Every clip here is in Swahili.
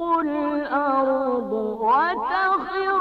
قل الأرض وتخر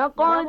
لقد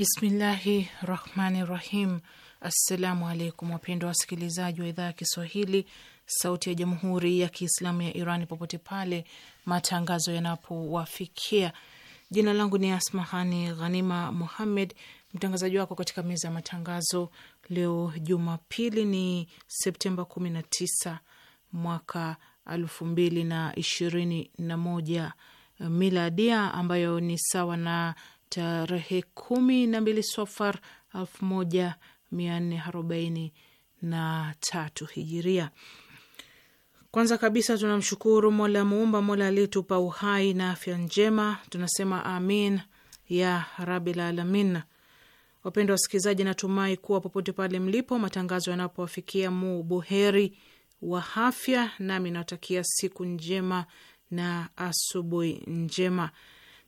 Bismillahi rahmani rahim. Assalamu alaikum wapendwa wasikilizaji wa idhaa ya Kiswahili sauti ya jamhuri ya Kiislamu ya Iran popote pale matangazo yanapowafikia. Jina langu ni Asmahani Ghanima Muhammed, mtangazaji wako katika meza ya matangazo. Leo Jumapili ni Septemba 19 mwaka elfu mbili na ishirini na moja miladia, ambayo ni sawa na tarehe kumi na mbili Sofar elfu moja mia nne arobaini na tatu hijiria. Kwanza kabisa tunamshukuru Mola Muumba, Mola aliyetupa uhai na afya njema. Tunasema amin ya rabil alamin. Wapendwa wasikilizaji, natumai kuwa popote pale mlipo matangazo yanapowafikia mu buheri wa afya, nami nawatakia siku njema na asubuhi njema.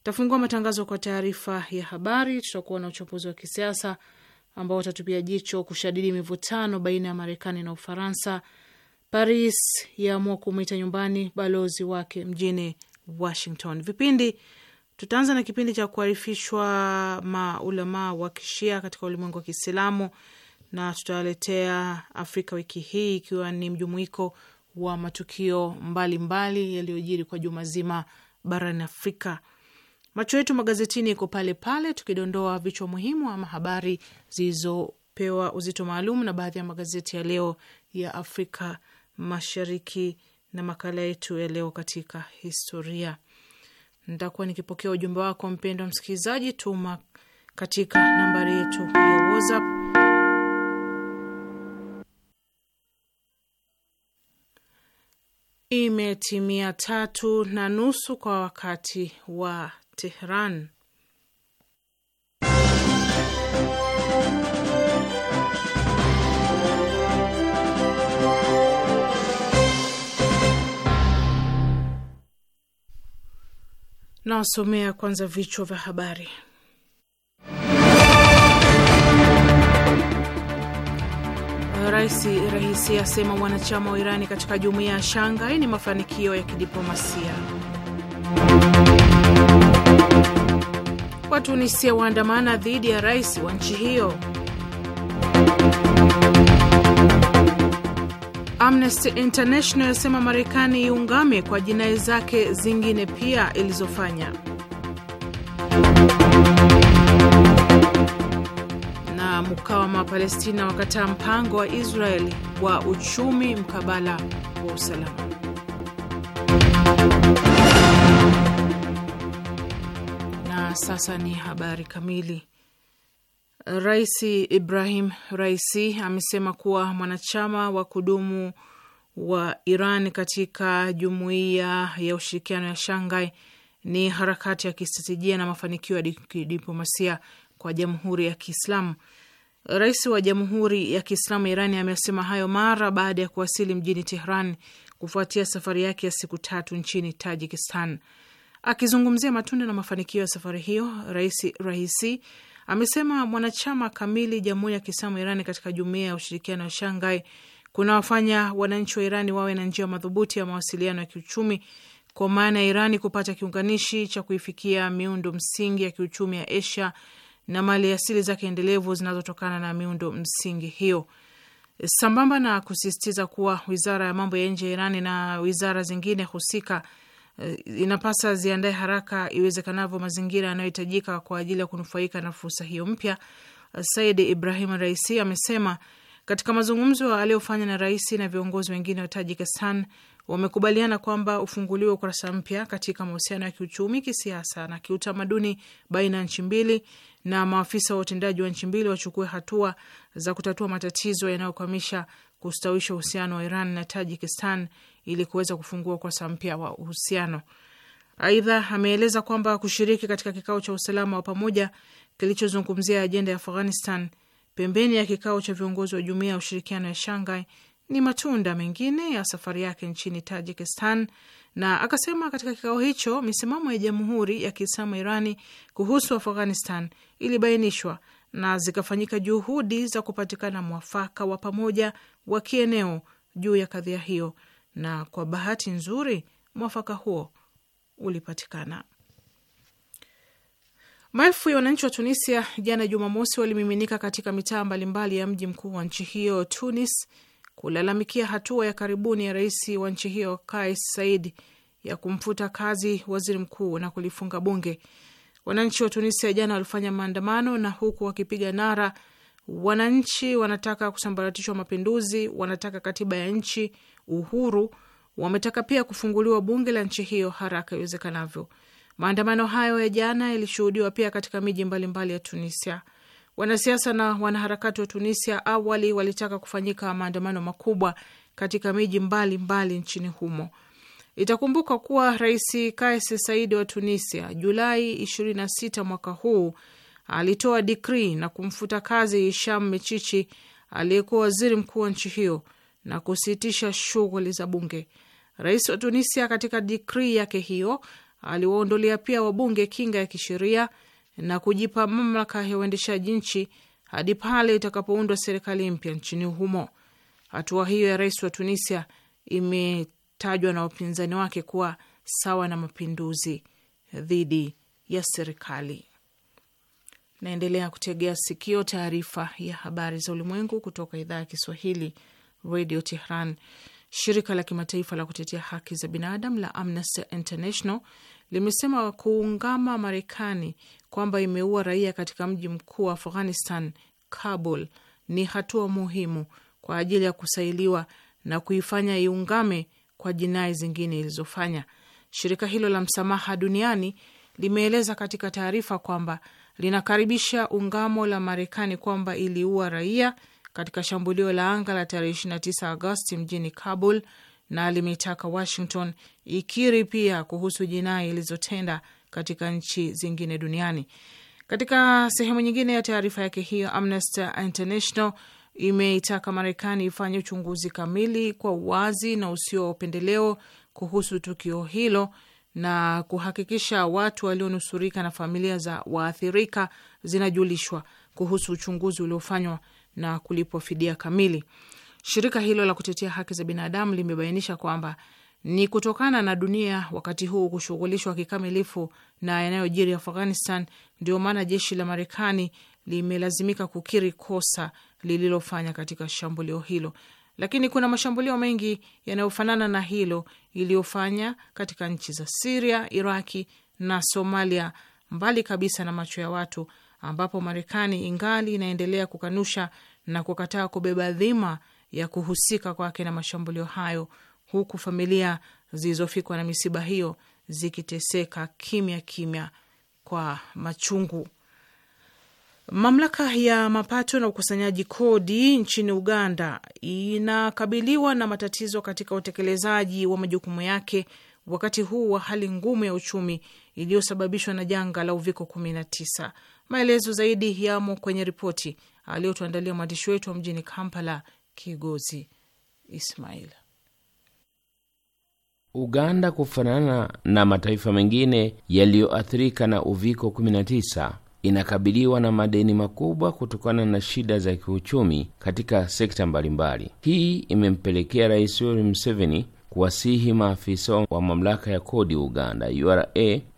Tafungua matangazo kwa taarifa ya habari. Tutakuwa na uchambuzi wa kisiasa ambao utatupia jicho kushadidi mivutano baina ya Marekani na Ufaransa. Paris yaamua kumwita nyumbani balozi wake mjini Washington. Vipindi tutaanza na kipindi cha kuharifishwa maulamaa wa kishia katika ulimwengu wa Kiislamu, na tutawaletea Afrika wiki hii, ikiwa ni mjumuiko wa matukio mbalimbali yaliyojiri kwa juma zima barani Afrika. Macho yetu magazetini iko pale pale, tukidondoa vichwa muhimu ama habari zilizopewa uzito maalum na baadhi ya magazeti ya leo ya Afrika Mashariki na makala yetu ya leo katika historia. Nitakuwa nikipokea ujumbe wako mpendwa msikilizaji, tuma katika nambari yetu ya WhatsApp imetimia tatu na nusu kwa wakati wa Tehran. Nawasomea kwanza vichwa vya habari. Rais Raisi asema wanachama wa Irani katika jumuiya ya Shangai ni mafanikio ya kidiplomasia. Watunisia waandamana dhidi ya rais wa nchi hiyo. Amnesty International yasema Marekani iungame kwa jinai zake zingine pia ilizofanya. Na mukawama wa Palestina wakataa mpango wa Israeli wa uchumi mkabala wa usalama. sasa ni habari kamili. Rais Ibrahim Raisi amesema kuwa mwanachama wa kudumu wa Iran katika jumuiya ya ushirikiano ya Shanghai ni harakati ya kistratejia na mafanikio ya kidiplomasia kwa jamhuri ya Kiislamu. Rais wa Jamhuri ya Kiislamu Irani amesema hayo mara baada ya kuwasili mjini Tehran kufuatia safari yake ya siku tatu nchini Tajikistan. Akizungumzia matunda na mafanikio ya safari hiyo, Rais Raisi amesema mwanachama kamili Jamhuri ya Kiislamu Irani katika Jumuia ya Ushirikiano wa Shanghai wafanya wananchi wa Irani wawe na njia madhubuti ya mawasiliano ya kiuchumi, kwa maana ya Irani kupata kiunganishi cha kuifikia miundo msingi ya kiuchumi ya Asia na mali asili zake endelevu zinazotokana na miundo msingi hiyo, sambamba na kusisitiza kuwa wizara ya mambo ya nje ya Irani na wizara zingine husika Eh, inapasa ziandae haraka iwezekanavyo mazingira yanayohitajika kwa ajili ya kunufaika na fursa hiyo mpya. Eh, Said Ibrahim Raisi amesema katika mazungumzo aliyofanya na rais na viongozi wengine wa Tajikistan wamekubaliana kwamba ufunguliwe ukurasa mpya katika mahusiano ya kiuchumi, kisiasa na kiutamaduni baina ya nchi mbili, na maafisa wa utendaji wa nchi mbili wachukue hatua za kutatua matatizo yanayokwamisha kustawisha uhusiano wa Iran na Tajikistan ili kuweza kufungua ukurasa mpya wa uhusiano. Aidha, ameeleza kwamba kushiriki katika kikao cha usalama wa pamoja kilichozungumzia ajenda ya Afghanistan pembeni ya kikao cha viongozi wa jumuiya ya ushirikiano ya Shanghai ni matunda mengine ya safari yake nchini Tajikistan, na akasema katika kikao hicho misimamo ya Jamhuri ya Kiislamu Irani kuhusu Afghanistan ilibainishwa na zikafanyika juhudi za kupatikana mwafaka wa pamoja wa kieneo juu ya kadhia hiyo na kwa bahati nzuri mwafaka huo ulipatikana. Maelfu ya wananchi wa Tunisia jana Jumamosi walimiminika katika mitaa mbalimbali ya mji mkuu wa nchi hiyo Tunis, kulalamikia hatua ya karibuni ya rais wa nchi hiyo Kais Said ya kumfuta kazi waziri mkuu na kulifunga bunge. Wananchi wa Tunisia jana walifanya maandamano na huku wakipiga nara, wananchi wanataka kusambaratishwa mapinduzi, wanataka katiba ya nchi, uhuru wametaka pia kufunguliwa bunge la nchi hiyo haraka iwezekanavyo. Maandamano hayo ya jana yalishuhudiwa pia katika miji mbalimbali ya Tunisia. Wanasiasa na wanaharakati wa Tunisia awali walitaka kufanyika maandamano makubwa katika miji mbalimbali nchini humo. Itakumbuka kuwa Rais Kais Saidi wa Tunisia Julai 26 mwaka huu alitoa dikri na kumfuta kazi Hisham Mechichi aliyekuwa waziri mkuu wa nchi hiyo na kusitisha shughuli za bunge. Rais wa Tunisia katika dikrii yake hiyo aliwaondolea pia wabunge kinga ya kisheria na kujipa mamlaka ya uendeshaji nchi hadi pale itakapoundwa serikali mpya nchini humo. Hatua hiyo ya rais wa Tunisia imetajwa na wapinzani wake kuwa sawa na mapinduzi dhidi ya serikali. Naendelea kutegea sikio taarifa ya habari za ulimwengu kutoka idhaa ya Kiswahili Radio Tehran. Shirika la kimataifa la kutetea haki za binadamu la Amnesty International limesema kuungama Marekani kwamba imeua raia katika mji mkuu wa Afghanistan, Kabul, ni hatua muhimu kwa ajili ya kusailiwa na kuifanya iungame kwa jinai zingine ilizofanya. Shirika hilo la msamaha duniani limeeleza katika taarifa kwamba linakaribisha ungamo la Marekani kwamba iliua raia katika shambulio la anga la tarehe 29 Agosti mjini Kabul na limeitaka Washington ikiri pia kuhusu jinai ilizotenda katika nchi zingine duniani. Katika sehemu nyingine ya taarifa yake hiyo, Amnesty International imeitaka Marekani ifanye uchunguzi kamili kwa uwazi na usio wa upendeleo kuhusu tukio hilo na kuhakikisha watu walionusurika na familia za waathirika zinajulishwa kuhusu uchunguzi uliofanywa na kulipwa fidia kamili. Shirika hilo la kutetea haki za binadamu limebainisha kwamba ni kutokana na dunia wakati huu kushughulishwa kikamilifu na yanayojiri Afghanistan, ndio maana jeshi la Marekani limelazimika kukiri kosa lililofanya katika shambulio hilo, lakini kuna mashambulio mengi yanayofanana na hilo iliyofanya katika nchi za Siria, Iraki na Somalia, mbali kabisa na macho ya watu ambapo Marekani ingali inaendelea kukanusha na kukataa kubeba dhima ya kuhusika kwake na mashambulio hayo, huku familia zilizofikwa na misiba hiyo zikiteseka kimya kimya kwa machungu. Mamlaka ya mapato na ukusanyaji kodi nchini Uganda inakabiliwa na matatizo katika utekelezaji wa majukumu yake wakati huu wa hali ngumu ya uchumi iliyosababishwa na janga la uviko 19. Maelezo zaidi yamo kwenye ripoti aliyotuandalia mwandishi wetu wa mjini Kampala, Kigozi Ismail. Uganda kufanana na mataifa mengine yaliyoathirika na uviko 19 inakabiliwa na madeni makubwa kutokana na shida za kiuchumi katika sekta mbalimbali. Hii imempelekea Rais Yoweri Museveni kuwasihi maafisa wa mamlaka ya kodi Uganda URA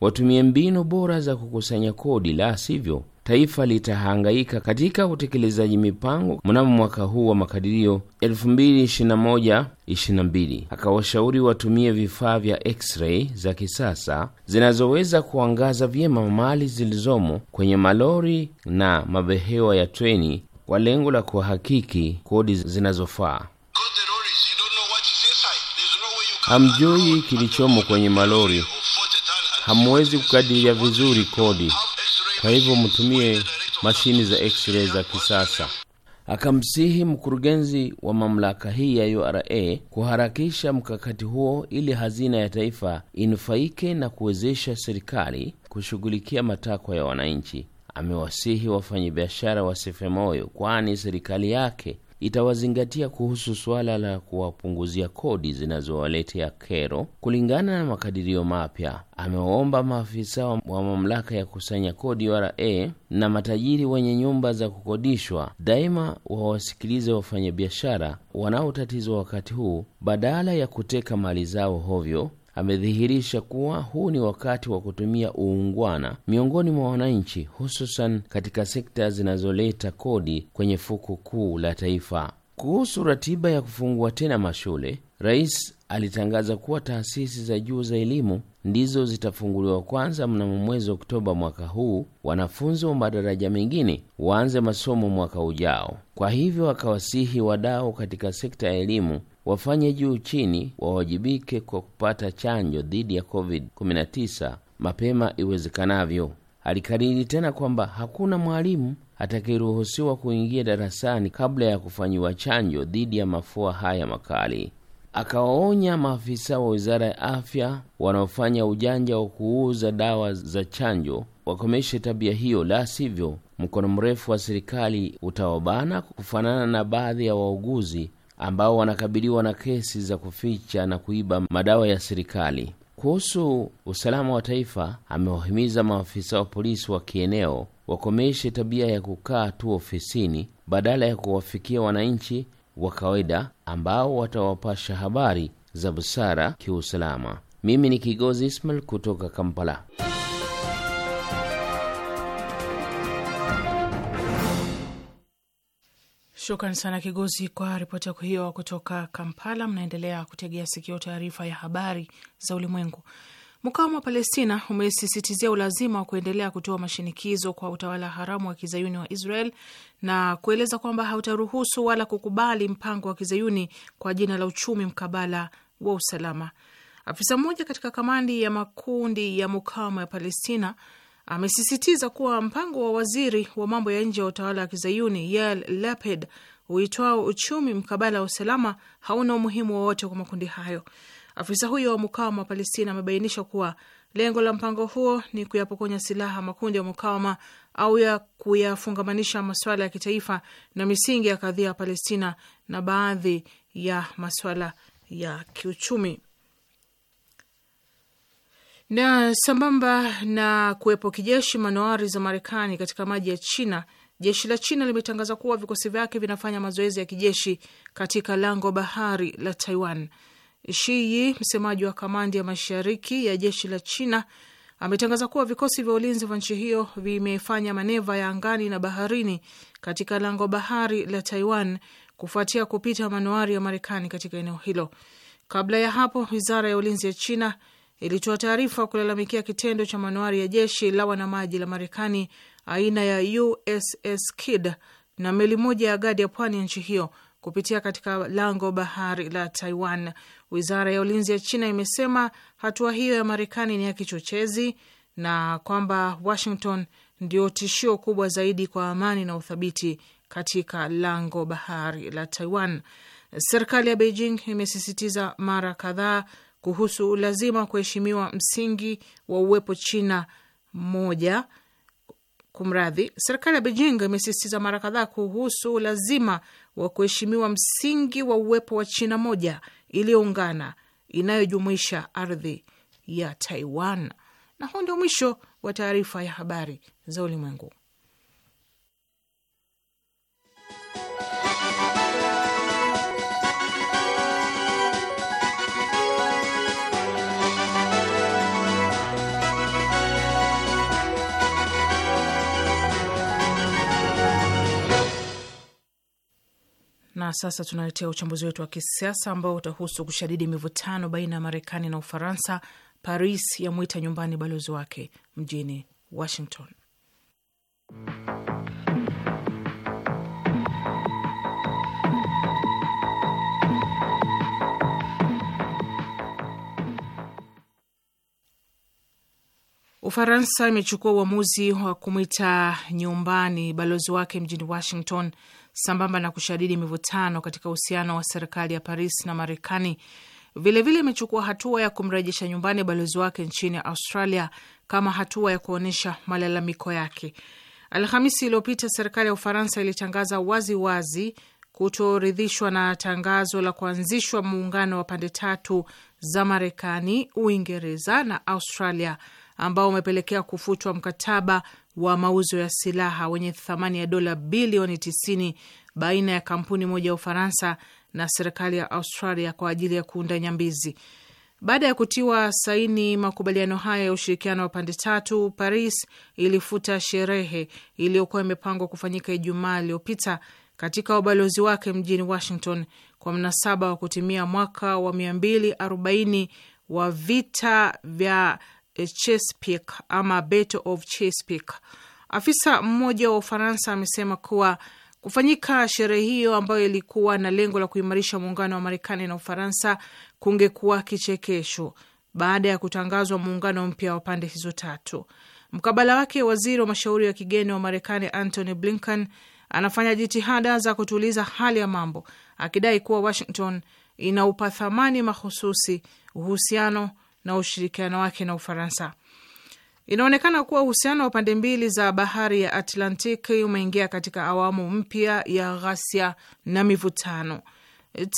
watumie mbinu bora za kukusanya kodi, la sivyo taifa litahangaika katika utekelezaji mipango mnamo mwaka huu wa makadirio 2021-2022. Akawashauri watumie vifaa vya x-ray za kisasa zinazoweza kuangaza vyema mali zilizomo kwenye malori na mabehewa ya treni kwa lengo la kuhakiki kodi zinazofaa. Hamjui kilichomo kwenye malori, hamwezi kukadiria vizuri kodi, kwa hivyo mtumie mashini za x-ray za kisasa. Akamsihi mkurugenzi wa mamlaka hii ya URA kuharakisha mkakati huo ili hazina ya taifa inufaike na kuwezesha serikali kushughulikia matakwa ya wananchi. Amewasihi wafanyabiashara wasife moyo, kwani serikali yake itawazingatia kuhusu suala la kuwapunguzia kodi zinazowaletea kero kulingana na makadirio mapya. Amewaomba maafisa wa mamlaka ya kusanya kodi RA na matajiri wenye nyumba za kukodishwa daima wawasikilize wafanyabiashara wanaotatizwa wakati huu badala ya kuteka mali zao hovyo amedhihirisha kuwa huu ni wakati wa kutumia uungwana miongoni mwa wananchi, hususan katika sekta zinazoleta kodi kwenye fuko kuu la taifa. Kuhusu ratiba ya kufungua tena mashule, rais alitangaza kuwa taasisi za juu za elimu ndizo zitafunguliwa kwanza mnamo mwezi Oktoba mwaka huu. Wanafunzi wa madaraja mengine waanze masomo mwaka ujao. Kwa hivyo, akawasihi wadau katika sekta ya elimu wafanye juu chini wawajibike kwa kupata chanjo dhidi ya covid-19 mapema iwezekanavyo. Alikariri tena kwamba hakuna mwalimu atakayeruhusiwa kuingia darasani kabla ya kufanyiwa chanjo dhidi ya mafua haya makali. Akawaonya maafisa wa wizara ya afya wanaofanya ujanja wa kuuza dawa za chanjo wakomeshe tabia hiyo, la sivyo mkono mrefu wa serikali utawabana, kufanana na baadhi ya wauguzi ambao wanakabiliwa na kesi za kuficha na kuiba madawa ya serikali. Kuhusu usalama wa taifa, amewahimiza maafisa wa polisi wa kieneo wakomeshe tabia ya kukaa tu ofisini badala ya kuwafikia wananchi wa kawaida ambao watawapasha habari za busara kiusalama. Mimi ni Kigozi Ismail kutoka Kampala. Shukran sana Kigozi kwa ripoti yako hiyo kutoka Kampala. Mnaendelea kutegea sikio taarifa ya habari za ulimwengu. Mkawama wa Palestina umesisitizia ulazima wa kuendelea kutoa mashinikizo kwa utawala haramu wa kizayuni wa Israel na kueleza kwamba hautaruhusu wala kukubali mpango wa kizayuni kwa jina la uchumi mkabala wa usalama. Afisa mmoja katika kamandi ya makundi ya mukawama ya Palestina amesisitiza kuwa mpango wa waziri wa mambo ya nje wa utawala wa kizayuni yal Lapid uitwao uchumi mkabala wa usalama hauna umuhimu wowote kwa makundi hayo. Afisa huyo wa mukawama wa Palestina amebainisha kuwa lengo la mpango huo ni kuyapokonya silaha makundi ya mukawama au ya kuyafungamanisha masuala ya kitaifa na misingi ya kadhia ya Palestina na baadhi ya masuala ya kiuchumi. Na sambamba na kuwepo kijeshi manowari za Marekani katika maji ya China, jeshi la China limetangaza kuwa vikosi vyake vinafanya mazoezi ya kijeshi katika lango bahari la Taiwan. Shi Yi, msemaji wa kamandi ya mashariki ya jeshi la China, ametangaza kuwa vikosi vya ulinzi vya nchi hiyo vimefanya maneva ya angani na baharini katika lango bahari la Taiwan kufuatia kupita manowari ya Marekani katika eneo hilo. Kabla ya hapo, wizara ya ulinzi ya China ilitoa taarifa kulalamikia kitendo cha manuari ya jeshi la wanamaji la Marekani aina ya USS Kid na meli moja ya gadi ya pwani ya nchi hiyo kupitia katika lango bahari la Taiwan. Wizara ya ulinzi ya China imesema hatua hiyo ya Marekani ni ya kichochezi na kwamba Washington ndio tishio kubwa zaidi kwa amani na uthabiti katika lango bahari la Taiwan. Serikali ya Beijing imesisitiza mara kadhaa kuhusu ulazima wa kuheshimiwa msingi wa uwepo China moja. Kumradhi, serikali ya Beijing imesisitiza mara kadhaa kuhusu ulazima wa kuheshimiwa msingi wa uwepo wa China moja iliyoungana inayojumuisha ardhi ya Taiwan. Na huu ndio mwisho wa taarifa ya habari za ulimwengu. Na sasa tunaletea uchambuzi wetu wa kisiasa ambao utahusu kushadidi mivutano baina ya Marekani na Ufaransa. Paris yamwita nyumbani balozi wake mjini Washington. Ufaransa imechukua uamuzi wa kumwita nyumbani balozi wake mjini Washington sambamba na kushadidi mivutano katika uhusiano wa serikali ya Paris na Marekani. Vilevile imechukua hatua ya kumrejesha nyumbani balozi wake nchini Australia kama hatua ya kuonyesha malalamiko yake. Alhamisi iliyopita serikali ya Ufaransa ilitangaza waziwazi wazi kutoridhishwa na tangazo la kuanzishwa muungano wa pande tatu za Marekani, Uingereza na Australia ambao umepelekea kufutwa mkataba wa mauzo ya silaha wenye thamani ya dola bilioni 90 baina ya kampuni moja ya Ufaransa na serikali ya Australia kwa ajili ya kuunda nyambizi. Baada ya kutiwa saini makubaliano haya ya ushirikiano wa pande tatu, Paris ilifuta sherehe iliyokuwa imepangwa kufanyika Ijumaa iliyopita katika ubalozi wake mjini Washington kwa mnasaba wa kutimia mwaka wa 240 wa vita vya Eh, Chesapeake ama Battle of Chesapeake. Afisa mmoja wa Ufaransa amesema kuwa kufanyika sherehe hiyo ambayo ilikuwa na lengo la kuimarisha muungano wa Marekani na Ufaransa kungekuwa kichekesho baada ya kutangazwa muungano mpya wa pande hizo tatu. Mkabala wake, waziri wa mashauri ya kigeni wa Marekani Antony Blinken anafanya jitihada za kutuliza hali ya mambo, akidai kuwa Washington inaupa thamani mahususi uhusiano na ushirikiano wake na Ufaransa. Inaonekana kuwa uhusiano wa pande mbili za bahari ya Atlantiki umeingia katika awamu mpya ya ghasia na mivutano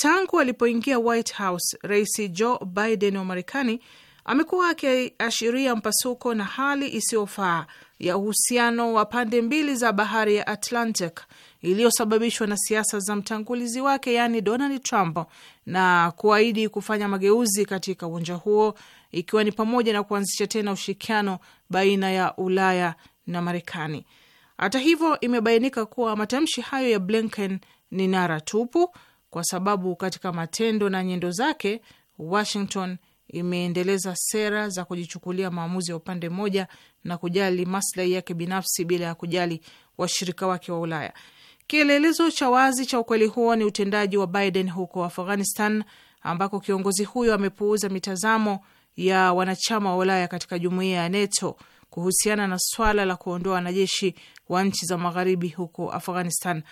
tangu alipoingia White House. Rais Joe Biden wa Marekani amekuwa akiashiria mpasuko na hali isiyofaa ya uhusiano wa pande mbili za bahari ya Atlantic iliyosababishwa na siasa za mtangulizi wake, yaani Donald Trump, na kuahidi kufanya mageuzi katika uwanja huo ikiwa ni pamoja na kuanzisha tena ushirikiano baina ya Ulaya na Marekani. Hata hivyo, imebainika kuwa matamshi hayo ya Blinken ni nara tupu, kwa sababu katika matendo na nyendo zake Washington imeendeleza sera za kujichukulia maamuzi ya upande mmoja na kujali maslahi yake binafsi bila ya kujali washirika wake wa Ulaya. Kielelezo cha wazi cha ukweli huo ni utendaji wa Biden huko Afghanistan, ambako kiongozi huyo amepuuza mitazamo ya wanachama wa Ulaya katika jumuiya ya NATO kuhusiana na swala la kuondoa wanajeshi wa nchi za magharibi huko Afghanistan.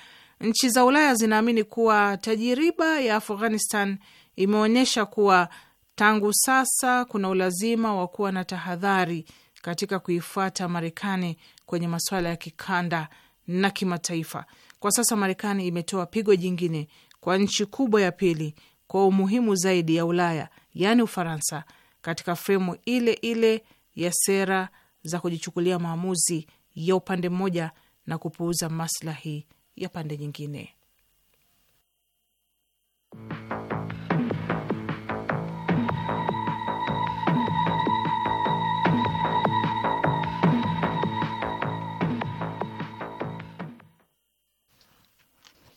Nchi za Ulaya zinaamini kuwa tajiriba ya Afghanistan imeonyesha kuwa tangu sasa kuna ulazima wa kuwa na tahadhari katika kuifuata Marekani kwenye masuala ya kikanda na kimataifa. Kwa sasa Marekani imetoa pigo jingine kwa nchi kubwa ya pili kwa umuhimu zaidi ya Ulaya, yaani Ufaransa, katika fremu ile ile ya sera za kujichukulia maamuzi ya upande mmoja na kupuuza maslahi ya pande nyingine.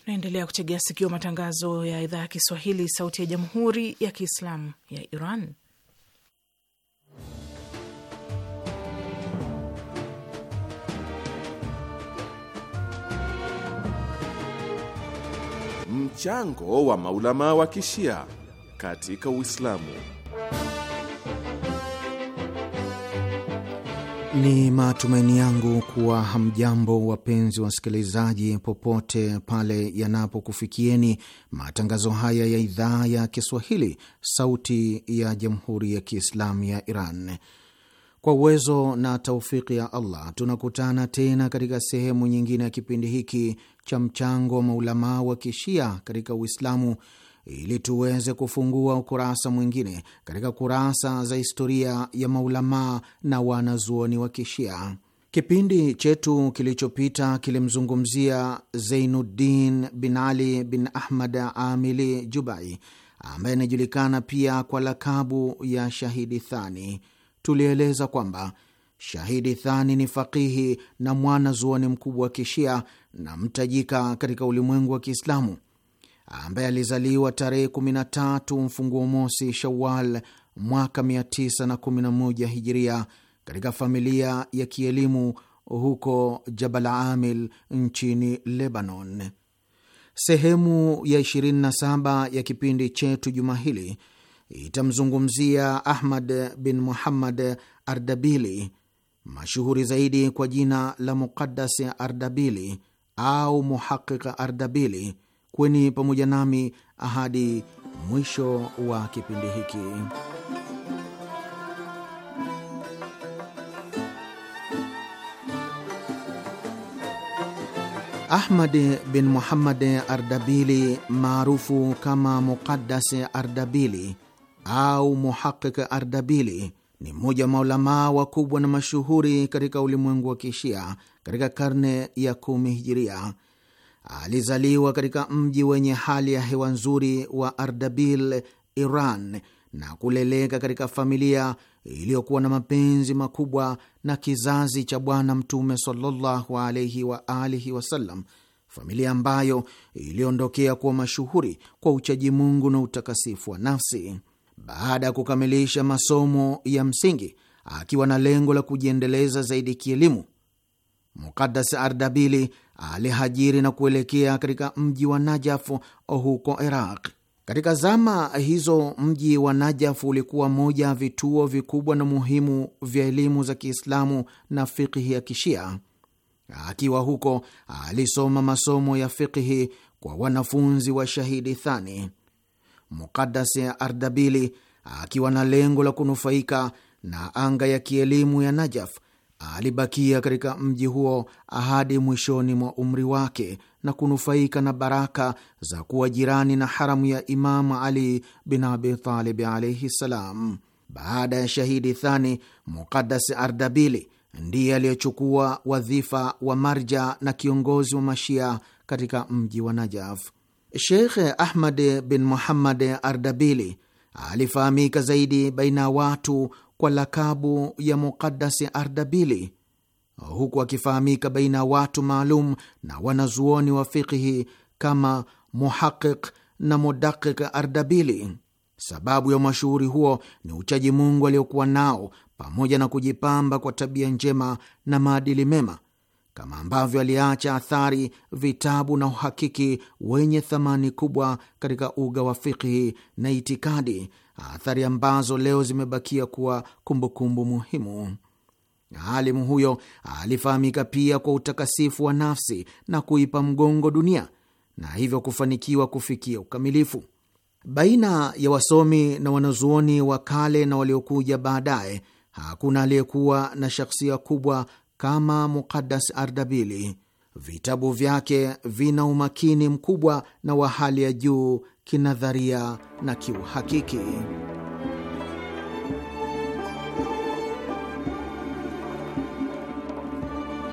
Naendelea kutegea sikio matangazo ya idhaa ya Kiswahili, sauti ya jamhuri ya kiislamu ya Iran. Mchango wa maulama wa kishia katika Uislamu. Ni matumaini yangu kuwa hamjambo wapenzi wasikilizaji, popote pale yanapokufikieni matangazo haya ya idhaa ya Kiswahili, Sauti ya Jamhuri ya Kiislamu ya Iran. Kwa uwezo na taufiki ya Allah tunakutana tena katika sehemu nyingine ya kipindi hiki cha mchango wa maulamaa wa kishia katika Uislamu ili tuweze kufungua ukurasa mwingine katika kurasa za historia ya maulamaa na wanazuoni wa kishia. Kipindi chetu kilichopita kilimzungumzia Zeinuddin bin Ali bin Ahmad Amili Jubai ambaye anajulikana pia kwa lakabu ya Shahidi Thani tulieleza kwamba Shahidi Thani ni fakihi na mwana zuoni mkubwa wa Kishia na mtajika katika ulimwengu wa Kiislamu ambaye alizaliwa tarehe 13 mfunguo mosi Shawal mwaka 911 Hijiria katika familia ya kielimu huko Jabal Amil nchini Lebanon. Sehemu ya 27 ya kipindi chetu juma hili itamzungumzia Ahmad bin Muhammad Ardabili, mashuhuri zaidi kwa jina la Muqaddas Ardabili au Muhaqiq Ardabili. Kweni pamoja nami ahadi mwisho wa kipindi hiki. Ahmad bin Muhammad Ardabili maarufu kama Muqaddas Ardabili au Muhaqiq Ardabili ni mmoja wa maulamaa wakubwa na mashuhuri katika ulimwengu wa Kishia katika karne ya kumi Hijiria. Alizaliwa katika mji wenye hali ya hewa nzuri wa Ardabil, Iran, na kuleleka katika familia iliyokuwa na mapenzi makubwa na kizazi cha Bwana Mtume sallallahu alaihi wa alihi wasallam, familia ambayo iliondokea kuwa mashuhuri kwa uchaji Mungu na utakasifu wa nafsi baada ya kukamilisha masomo ya msingi akiwa na lengo la kujiendeleza zaidi kielimu. Mukadas Ardabili alihajiri na kuelekea katika mji wa Najafu huko Iraq. Katika zama hizo mji wa Najafu ulikuwa moja ya vituo vikubwa na muhimu vya elimu za Kiislamu na fikihi ya Kishia. Akiwa huko alisoma masomo ya fikihi kwa wanafunzi wa Shahidi Thani. Mukadas ya Ardabili akiwa na lengo la kunufaika na anga ya kielimu ya Najaf alibakia katika mji huo hadi mwishoni mwa umri wake na kunufaika na baraka za kuwa jirani na haramu ya Imamu Ali bin Abitalib alaihi ssalam. Baada ya shahidi Thani, Mukadas Ardabili ndiye aliyechukua wadhifa wa marja na kiongozi wa Mashia katika mji wa Najaf. Sheikh Ahmad bin Muhammad Ardabili alifahamika zaidi baina ya watu kwa lakabu ya Muqaddasi Ardabili, huku akifahamika baina ya watu maalum na wanazuoni wa fikhi kama Muhaqiq na Mudaqiq Ardabili. Sababu ya mashuhuri huo ni uchaji Mungu aliokuwa nao pamoja na kujipamba kwa tabia njema na maadili mema kama ambavyo aliacha athari, vitabu na uhakiki wenye thamani kubwa katika uga wa fikhi na itikadi, athari ambazo leo zimebakia kuwa kumbukumbu kumbu muhimu. Alimu huyo alifahamika pia kwa utakasifu wa nafsi na kuipa mgongo dunia na hivyo kufanikiwa kufikia ukamilifu. Baina ya wasomi na wanazuoni wa kale na waliokuja baadaye, hakuna aliyekuwa na shakhsia kubwa kama Mukadas Ardabili. Vitabu vyake vina umakini mkubwa na wa hali ya juu kinadharia na kiuhakiki.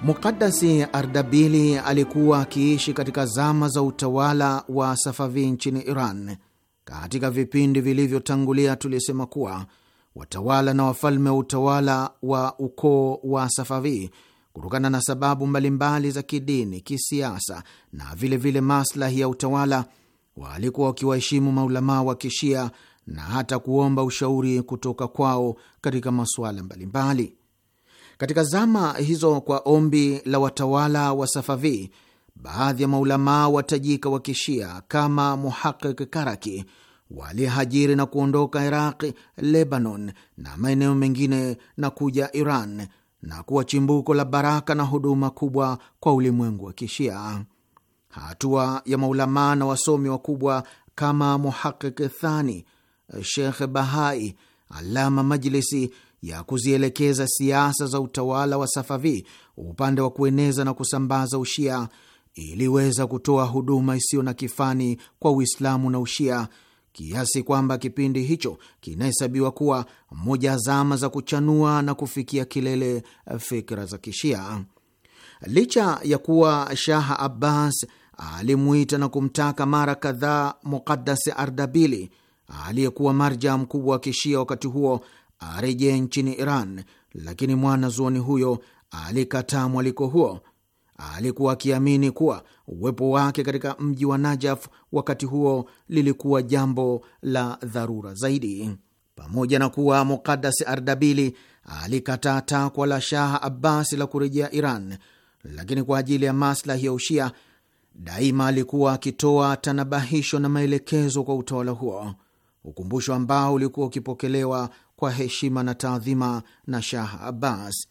Mukadasi Ardabili alikuwa akiishi katika zama za utawala wa Safavi nchini Iran. Katika vipindi vilivyotangulia tulisema kuwa watawala na wafalme wa utawala wa ukoo wa Safavi kutokana na sababu mbalimbali za kidini, kisiasa na vilevile vile maslahi ya utawala, walikuwa wakiwaheshimu maulamaa wa Kishia na hata kuomba ushauri kutoka kwao katika masuala mbalimbali. Katika zama hizo, kwa ombi la watawala wa Safavi, baadhi ya maulamaa watajika wa Kishia kama Muhaqiq Karaki walihajiri na kuondoka Iraqi, Lebanon na maeneo mengine na kuja Iran na kuwa chimbuko la baraka na huduma kubwa kwa ulimwengu wa Kishia. Hatua ya maulamaa na wasomi wakubwa kama Muhaqiq Thani, Shekh Bahai, Alama Majlisi ya kuzielekeza siasa za utawala wa Safavi upande wa kueneza na kusambaza Ushia iliweza kutoa huduma isiyo na kifani kwa Uislamu na Ushia kiasi kwamba kipindi hicho kinahesabiwa kuwa moja ya zama za kuchanua na kufikia kilele fikra za Kishia. Licha ya kuwa Shah Abbas alimuita na kumtaka mara kadhaa Muqaddas Ardabili aliyekuwa marja mkubwa wa Kishia wakati huo arejee nchini Iran, lakini mwana zuoni huyo alikataa mwaliko huo alikuwa akiamini kuwa uwepo wake katika mji wa Najaf wakati huo lilikuwa jambo la dharura zaidi. Pamoja na kuwa Muqaddas Ardabili alikataa takwa la Shah Abbasi la kurejea Iran, lakini kwa ajili ya maslahi ya Ushia daima alikuwa akitoa tanabahisho na maelekezo kwa utawala huo, ukumbusho ambao ulikuwa ukipokelewa kwa heshima na taadhima na Shah Abbas.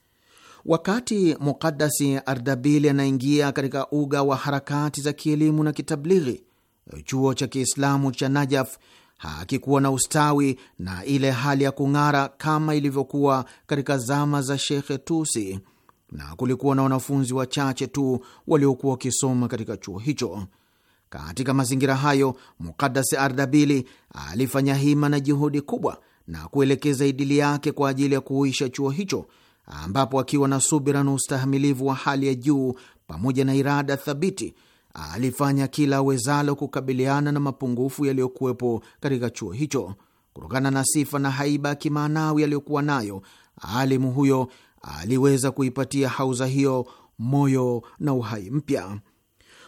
Wakati Muqadasi Ardabili anaingia katika uga wa harakati za kielimu na kitablighi, chuo cha Kiislamu cha Najaf hakikuwa na ustawi na ile hali ya kung'ara kama ilivyokuwa katika zama za Shekhe Tusi, na kulikuwa na wanafunzi wachache tu waliokuwa wakisoma katika chuo hicho. Katika mazingira hayo, mukadasi Ardabili alifanya hima na juhudi kubwa na kuelekeza idili yake kwa ajili ya kuuisha chuo hicho ambapo akiwa na subira na ustahamilivu wa hali ya juu pamoja na irada thabiti alifanya kila awezalo kukabiliana na mapungufu yaliyokuwepo katika chuo hicho. Kutokana na sifa na haiba ya kimaanawi aliyokuwa nayo, alimu huyo aliweza kuipatia hauza hiyo moyo na uhai mpya.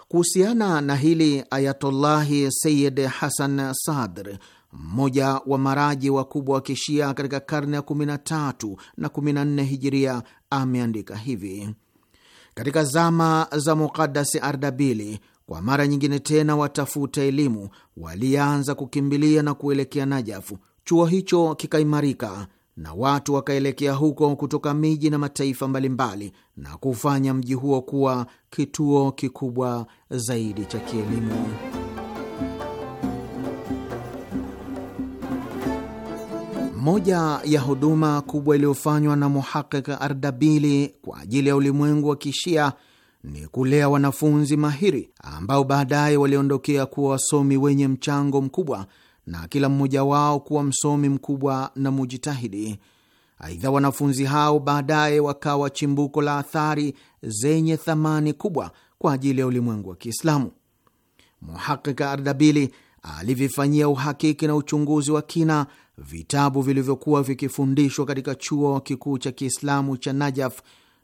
Kuhusiana na hili, Ayatollahi Sayid Hasan Sadr mmoja wa maraji wakubwa wa kishia katika karne ya 13 na 14 hijiria, ameandika hivi: katika zama za Mukadasi Ardabili, kwa mara nyingine tena watafuta elimu walianza kukimbilia na kuelekea Najafu. Chuo hicho kikaimarika na watu wakaelekea huko kutoka miji na mataifa mbalimbali na kufanya mji huo kuwa kituo kikubwa zaidi cha kielimu. Moja ya huduma kubwa iliyofanywa na Muhaqiq Ardabili kwa ajili ya ulimwengu wa Kishia ni kulea wanafunzi mahiri ambao baadaye waliondokea kuwa wasomi wenye mchango mkubwa na kila mmoja wao kuwa msomi mkubwa na mujitahidi. Aidha, wanafunzi hao baadaye wakawa chimbuko la athari zenye thamani kubwa kwa ajili ya ulimwengu wa Kiislamu. Muhaqiq Ardabili alivifanyia uhakiki na uchunguzi wa kina vitabu vilivyokuwa vikifundishwa katika chuo kikuu cha Kiislamu cha Najaf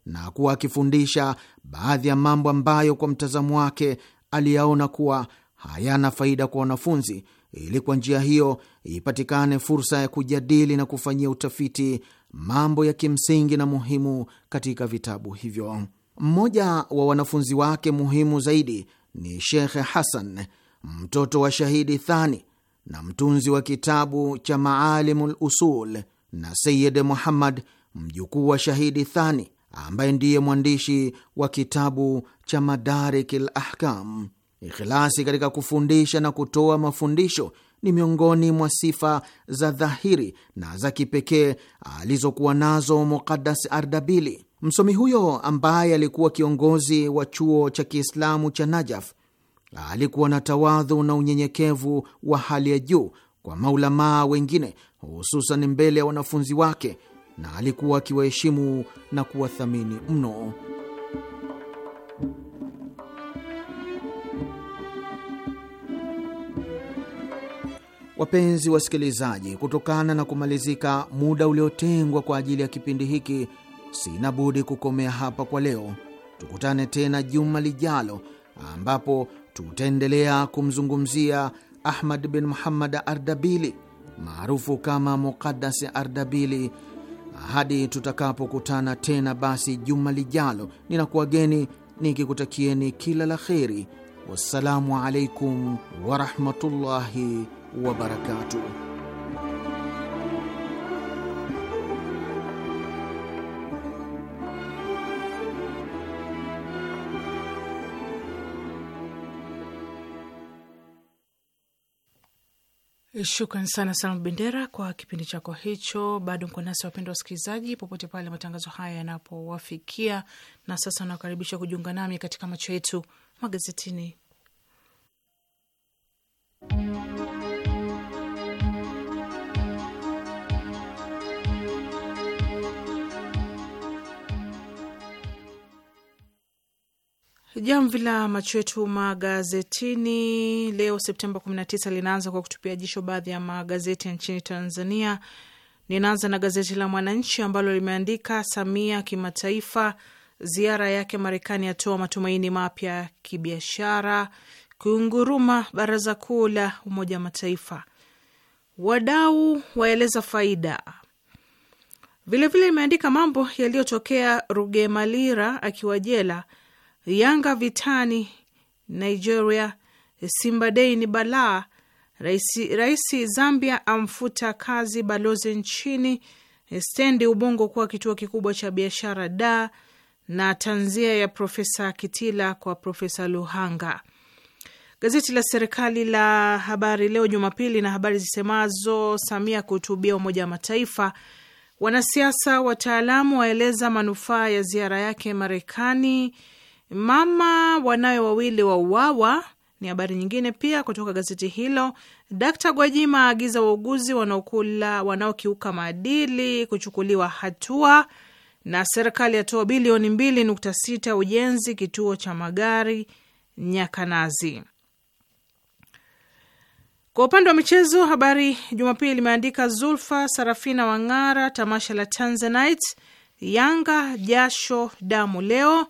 na kuwa akifundisha baadhi ya mambo ambayo kwa mtazamo wake aliyaona kuwa hayana faida kwa wanafunzi, ili kwa njia hiyo ipatikane fursa ya kujadili na kufanyia utafiti mambo ya kimsingi na muhimu katika vitabu hivyo. Mmoja wa wanafunzi wake muhimu zaidi ni Shekhe Hasan, mtoto wa Shahidi Thani na mtunzi wa kitabu cha Maalimul Usul na Sayid Muhammad, mjukuu wa Shahidi Thani, ambaye ndiye mwandishi wa kitabu cha l Ahkam. Ikhilasi katika kufundisha na kutoa mafundisho ni miongoni mwa sifa za dhahiri na za kipekee alizokuwa nazo Muqaddas Ardabili. Msomi huyo ambaye alikuwa kiongozi wa chuo cha Kiislamu cha Najaf alikuwa na tawadhu na unyenyekevu wa hali ya juu kwa maulamaa wengine, hususan mbele ya wanafunzi wake, na alikuwa akiwaheshimu na kuwathamini mno. Wapenzi wasikilizaji, kutokana na kumalizika muda uliotengwa kwa ajili ya kipindi hiki, sina budi kukomea hapa kwa leo. Tukutane tena juma lijalo ambapo tutaendelea kumzungumzia Ahmad bin Muhammad Ardabili maarufu kama Muqaddas Ardabili hadi tutakapokutana tena. Basi juma lijalo, ninakuwageni nikikutakieni kila la kheri. Wassalamu alaikum warahmatullahi wabarakatuh. Shukran sana Salum Bendera kwa kipindi chako hicho. Bado mko nasi wapendwa wasikilizaji, popote pale matangazo haya yanapowafikia. Na sasa nawakaribisha kujiunga nami katika macho yetu magazetini. Jamvi la macho yetu magazetini leo Septemba 19 linaanza kwa kutupia jisho baadhi ya magazeti ya nchini Tanzania. Ninaanza na gazeti la Mwananchi ambalo limeandika Samia kimataifa, ziara yake Marekani yatoa matumaini mapya kibiashara, kuunguruma baraza kuu la Umoja wa Mataifa, wadau waeleza faida. Vilevile limeandika mambo yaliyotokea Rugemalira akiwa jela Yanga vitani Nigeria, Simba dei ni balaa. Raisi, raisi Zambia amfuta kazi balozi nchini. Stendi Ubongo kuwa kituo kikubwa cha biashara da na tanzia ya Profesa Kitila kwa Profesa Luhanga. Gazeti la serikali la Habari Leo Jumapili na habari zisemazo Samia kuhutubia Umoja wa Mataifa, wanasiasa wataalamu waeleza manufaa ya ziara yake Marekani. Mama wanawe wawili wauawa ni habari nyingine pia kutoka gazeti hilo. Dkt Gwajima aagiza wauguzi wanaokula wanaokiuka maadili kuchukuliwa hatua, na serikali yatoa bilioni mbili nukta sita ujenzi kituo cha magari Nyakanazi. Kwa upande wa michezo, Habari Jumapili limeandika Zulfa Sarafina wang'ara tamasha la Tanzanite, Yanga jasho damu leo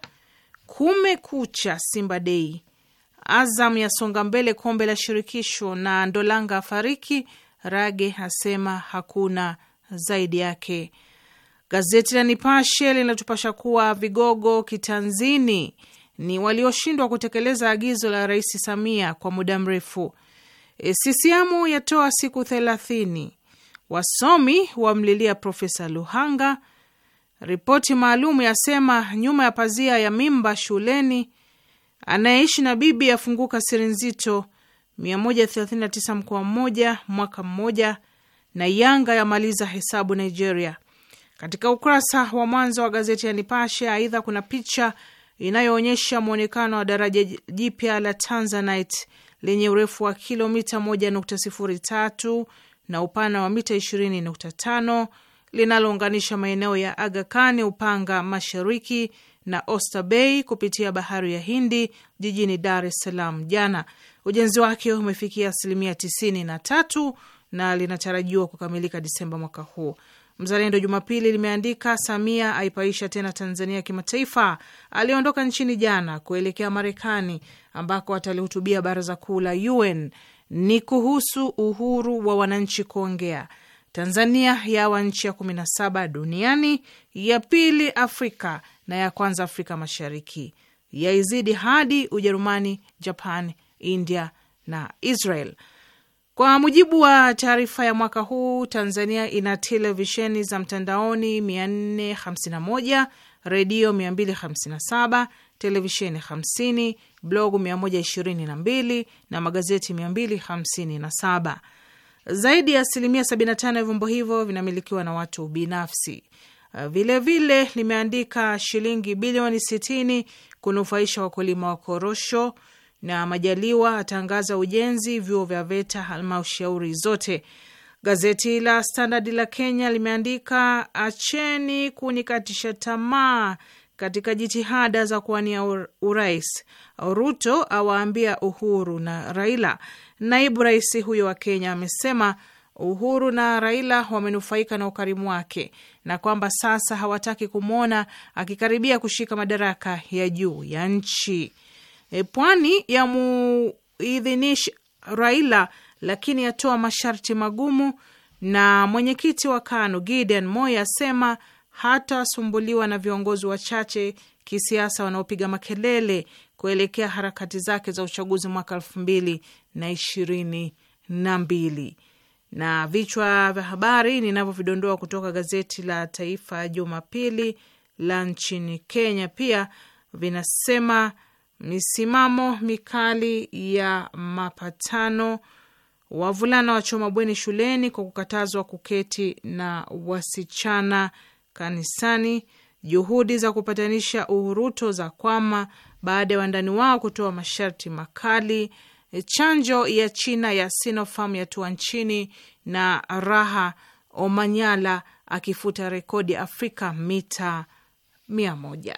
Kumekucha Simba Dei. Azam yasonga mbele kombe la shirikisho na Ndolanga afariki. Rage asema hakuna zaidi yake. Gazeti la Nipashe linatupasha kuwa vigogo kitanzini ni walioshindwa kutekeleza agizo la Rais Samia kwa muda mrefu. E, CCM yatoa siku thelathini. Wasomi wamlilia Profesa Luhanga. Ripoti maalum yasema nyuma ya pazia ya mimba shuleni, anayeishi na bibi afunguka siri nzito 139 mkoa mmoja mwaka mmoja, na Yanga yamaliza hesabu Nigeria. Katika ukurasa wa mwanzo wa gazeti ya Nipashe, aidha kuna picha inayoonyesha mwonekano wa daraja jipya la Tanzanite lenye urefu wa kilomita 1.03 na upana wa mita 20.5 linalounganisha maeneo ya Aga Khan Upanga Mashariki na Oyster Bay kupitia bahari ya Hindi jijini Dar es Salaam jana. Ujenzi wake umefikia asilimia tisini na tatu na linatarajiwa kukamilika Disemba mwaka huu. Mzalendo Jumapili limeandika Samia aipaisha tena Tanzania kimataifa. Aliondoka nchini jana kuelekea Marekani ambako atalihutubia baraza kuu la UN. Ni kuhusu uhuru wa wananchi kuongea Tanzania yawa nchi ya kumi na saba duniani, ya pili Afrika na ya kwanza Afrika Mashariki, yaizidi hadi Ujerumani, Japan, India na Israel. Kwa mujibu wa taarifa ya mwaka huu, Tanzania ina televisheni za mtandaoni 451, redio 257, televisheni 50, blogu 122 na magazeti 257. Zaidi ya asilimia 75 ya vyombo hivyo vinamilikiwa na watu binafsi. Vilevile uh, vile, limeandika shilingi bilioni 60 kunufaisha wakulima wa korosho. Na Majaliwa atangaza ujenzi vyuo vya VETA halmashauri zote. Gazeti la Standard la Kenya limeandika acheni kunikatisha tamaa katika jitihada za kuwania urais, Ruto awaambia Uhuru na Raila. Naibu rais huyo wa Kenya amesema Uhuru na Raila wamenufaika na ukarimu wake na kwamba sasa hawataki kumwona akikaribia kushika madaraka ya juu ya nchi. E, pwani ya muidhinishi Raila lakini yatoa masharti magumu. Na mwenyekiti wa KANU Gideon Moi asema hatasumbuliwa na viongozi wachache kisiasa wanaopiga makelele kuelekea harakati zake za uchaguzi mwaka elfu mbili na ishirini na mbili na vichwa vya habari ninavyovidondoa kutoka gazeti la Taifa Jumapili la nchini Kenya pia vinasema misimamo mikali ya mapatano, wavulana wachoma bweni shuleni kwa kukatazwa kuketi na wasichana kanisani, juhudi za kupatanisha Uhuruto za kwama, baada ya wandani wao kutoa masharti makali. Chanjo ya China ya Sinopharm yatua nchini na Raha Omanyala akifuta rekodi Afrika mita mia moja.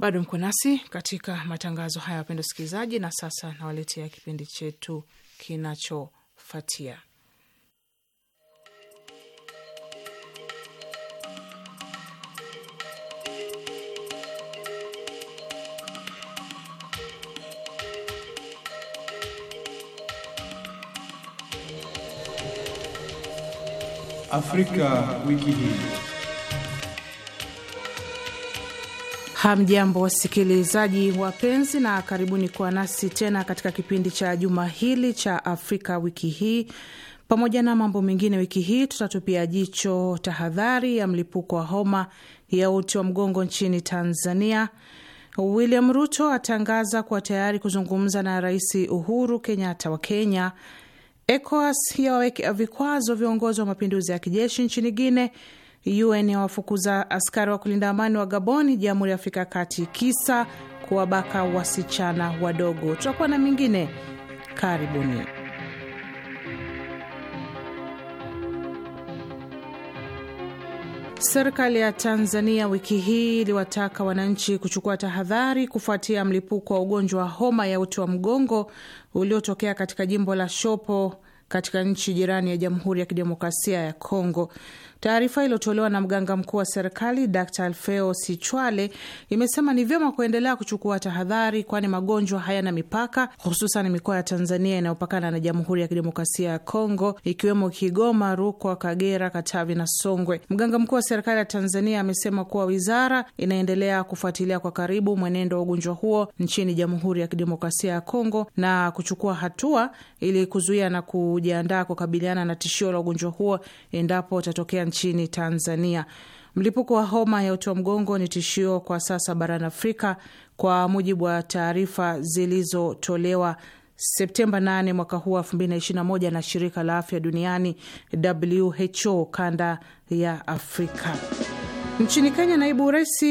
Bado mko nasi katika matangazo haya, wapenda usikilizaji, na sasa nawaletea kipindi chetu kinachofuatia. Afrika wiki hii. Hamjambo wasikilizaji wapenzi, na karibuni kuwa nasi tena katika kipindi cha juma hili cha Afrika wiki hii. Pamoja na mambo mengine, wiki hii tutatupia jicho tahadhari ya mlipuko wa homa ya uti wa mgongo nchini Tanzania. William Ruto atangaza kuwa tayari kuzungumza na Rais Uhuru Kenyatta wa Kenya. ECOWAS yawaweka vikwazo viongozi wa mapinduzi ya kijeshi nchini Guinea UN yawafukuza askari wa kulinda amani wa Gaboni, Jamhuri ya Afrika ya Kati, kisa kuwabaka wasichana wadogo. Tutakuwa na mingine karibuni. Serikali ya Tanzania wiki hii iliwataka wananchi kuchukua tahadhari kufuatia mlipuko wa ugonjwa wa homa ya uti wa mgongo uliotokea katika jimbo la Shopo katika nchi jirani ya Jamhuri ya Kidemokrasia ya Kongo. Taarifa iliyotolewa na mganga mkuu wa serikali d Alfeo Sichwale imesema ni vyema kuendelea kuchukua tahadhari, kwani magonjwa hayana mipaka, hususan mikoa ya Tanzania inayopakana na Jamhuri ya Kidemokrasia ya Kongo ikiwemo Kigoma, Rukwa, Kagera, Katavi na Songwe. Mganga mkuu wa serikali ya Tanzania amesema kuwa wizara inaendelea kufuatilia kwa karibu mwenendo wa ugonjwa huo nchini Jamhuri ya Kidemokrasia ya Kongo na kuchukua hatua ili kuzuia na kujiandaa kukabiliana na tishio la ugonjwa huo endapo utatokea nchini Tanzania. Mlipuko wa homa ya uti wa mgongo ni tishio kwa sasa barani Afrika kwa mujibu wa taarifa zilizotolewa Septemba 8 mwaka huu wa 2021 na shirika la afya duniani WHO kanda ya Afrika. Nchini Kenya, naibu rais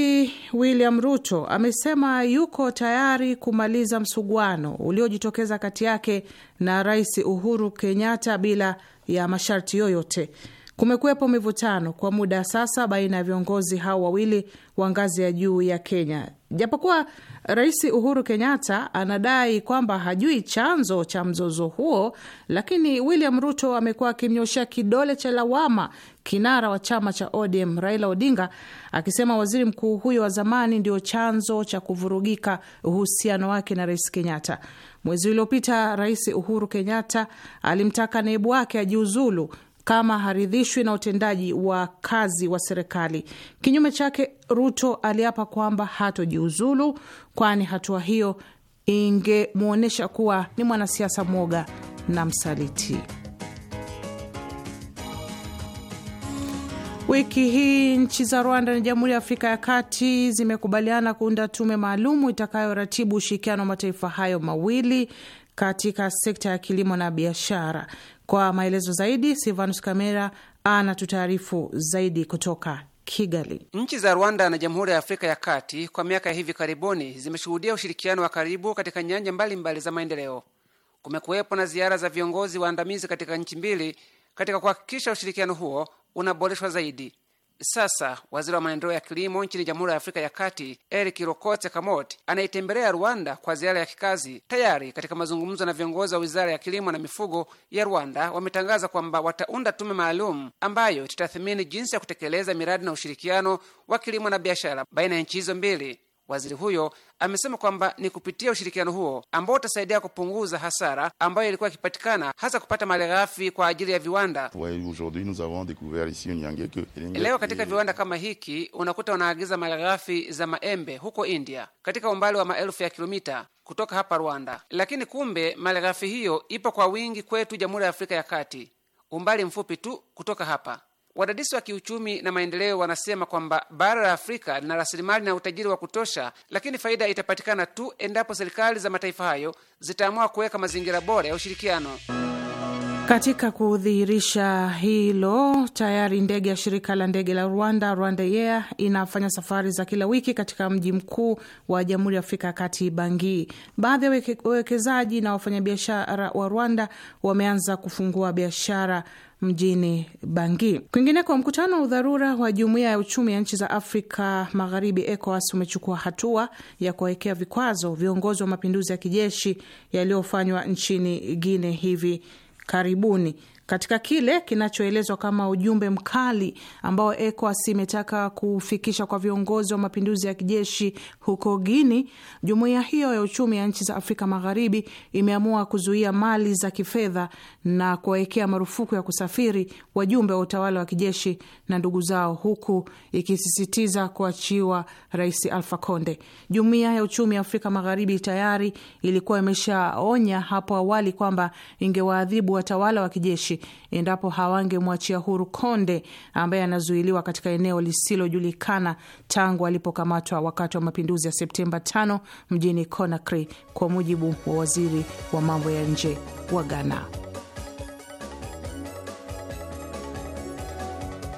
William Ruto amesema yuko tayari kumaliza msuguano uliojitokeza kati yake na Rais Uhuru Kenyatta bila ya masharti yoyote. Kumekuwepo mivutano kwa muda sasa baina ya viongozi hao wawili wa ngazi ya juu ya Kenya, japokuwa Rais Uhuru Kenyatta anadai kwamba hajui chanzo cha mzozo huo, lakini William Ruto amekuwa akimnyoshea kidole cha lawama kinara wa chama cha ODM Raila Odinga, akisema waziri mkuu huyo wa zamani ndio chanzo cha kuvurugika uhusiano wake na Rais Kenyatta. Mwezi uliopita Rais Uhuru Kenyatta alimtaka naibu wake ajiuzulu kama haridhishwi na utendaji wa kazi wa serikali. Kinyume chake, Ruto aliapa kwamba hatojiuzulu, kwani hatua hiyo ingemwonyesha kuwa ni mwanasiasa mwoga na msaliti. Wiki hii nchi za Rwanda na Jamhuri ya Afrika ya Kati zimekubaliana kuunda tume maalumu itakayoratibu ushirikiano wa mataifa hayo mawili katika sekta ya kilimo na biashara. Kwa maelezo zaidi, Silvanus Kamera anatutaarifu zaidi kutoka Kigali. Nchi za Rwanda na Jamhuri ya Afrika ya Kati kwa miaka ya hivi karibuni zimeshuhudia ushirikiano wa karibu katika nyanja mbalimbali mbali za maendeleo. Kumekuwepo na ziara za viongozi waandamizi katika nchi mbili katika kuhakikisha ushirikiano huo unaboreshwa zaidi. Sasa waziri wa maendeleo ya kilimo nchini Jamhuri ya Afrika ya Kati Eric rokote kamot anaitembelea Rwanda kwa ziara ya kikazi. Tayari katika mazungumzo na viongozi wa wizara ya kilimo na mifugo ya Rwanda wametangaza kwamba wataunda tume maalum ambayo itatathmini jinsi ya kutekeleza miradi na ushirikiano wa kilimo na biashara baina ya nchi hizo mbili. Waziri huyo amesema kwamba ni kupitia ushirikiano huo ambao utasaidia kupunguza hasara ambayo ilikuwa ikipatikana hasa kupata malighafi kwa ajili ya viwanda. Leo katika viwanda kama hiki unakuta wanaagiza malighafi za maembe huko India katika umbali wa maelfu ya kilomita kutoka hapa Rwanda, lakini kumbe malighafi hiyo ipo kwa wingi kwetu Jamhuri ya Afrika ya Kati, umbali mfupi tu kutoka hapa. Wadadisi wa kiuchumi na maendeleo wanasema kwamba bara la Afrika lina rasilimali na utajiri wa kutosha, lakini faida itapatikana tu endapo serikali za mataifa hayo zitaamua kuweka mazingira bora ya ushirikiano. Katika kudhihirisha hilo, tayari ndege ya shirika la ndege la Rwanda, Rwanda yeah, inafanya safari za kila wiki katika mji mkuu wa Jamhuri ya Afrika ya Kati, Bangi. Baadhi ya wawekezaji na wafanyabiashara wa Rwanda wameanza kufungua biashara mjini Bangi. Kwingineko, mkutano wa udharura wa jumuiya ya uchumi ya nchi za Afrika Magharibi, ECOWAS, umechukua hatua ya kuwawekea vikwazo viongozi wa mapinduzi ya kijeshi yaliyofanywa nchini Guine hivi karibuni katika kile kinachoelezwa kama ujumbe mkali ambao ECOWAS imetaka kufikisha kwa viongozi wa mapinduzi ya kijeshi huko Guini, jumuiya hiyo ya uchumi ya nchi za Afrika Magharibi imeamua kuzuia mali za kifedha na kuwawekea marufuku ya kusafiri wajumbe wa utawala wa kijeshi na ndugu zao, huku ikisisitiza kuachiwa Rais Alfa Conde. Jumuiya ya uchumi ya Afrika Magharibi tayari ilikuwa imeshaonya hapo awali kwamba ingewaadhibu watawala wa kijeshi endapo hawangemwachia huru Konde ambaye anazuiliwa katika eneo lisilojulikana tangu alipokamatwa wakati wa mapinduzi ya Septemba 5 mjini Conakry, kwa mujibu wa waziri wa mambo ya nje wa Ghana.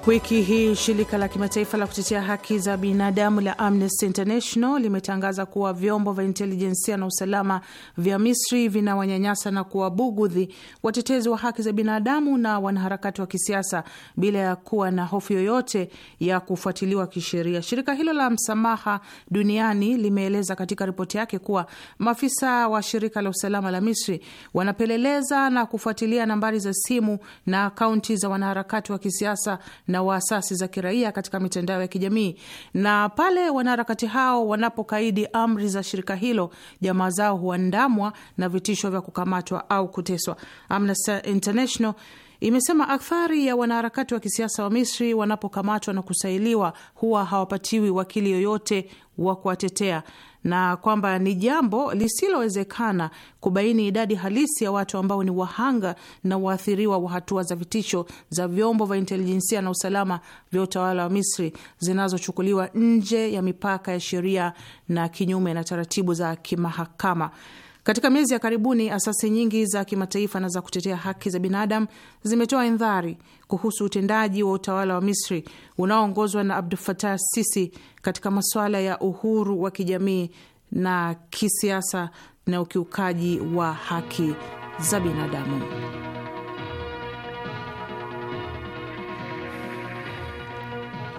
Wiki hii shirika la kimataifa la kutetea haki za binadamu la Amnesty International limetangaza kuwa vyombo vya intelijensia na usalama vya Misri vinawanyanyasa na kuwabugudhi watetezi wa haki za binadamu na wanaharakati wa kisiasa bila ya kuwa na hofu yoyote ya kufuatiliwa kisheria. Shirika hilo la msamaha duniani limeeleza katika ripoti yake kuwa maafisa wa shirika la usalama la Misri wanapeleleza na kufuatilia nambari za simu na akaunti za wanaharakati wa kisiasa na waasasi za kiraia katika mitandao ya kijamii, na pale wanaharakati hao wanapokaidi amri za shirika hilo, jamaa zao huandamwa na vitisho vya kukamatwa au kuteswa. Amnesty International imesema akthari ya wanaharakati wa kisiasa wa Misri wanapokamatwa na kusailiwa huwa hawapatiwi wakili yoyote wa kuwatetea na kwamba ni jambo lisilowezekana kubaini idadi halisi ya watu ambao ni wahanga na waathiriwa wa hatua za vitisho za vyombo vya intelijensia na usalama vya utawala wa Misri zinazochukuliwa nje ya mipaka ya sheria na kinyume na taratibu za kimahakama. Katika miezi ya karibuni, asasi nyingi za kimataifa na za kutetea haki za binadamu zimetoa indhari kuhusu utendaji wa utawala wa Misri unaoongozwa na Abdul Fatah Sisi katika masuala ya uhuru wa kijamii na kisiasa na ukiukaji wa haki za binadamu.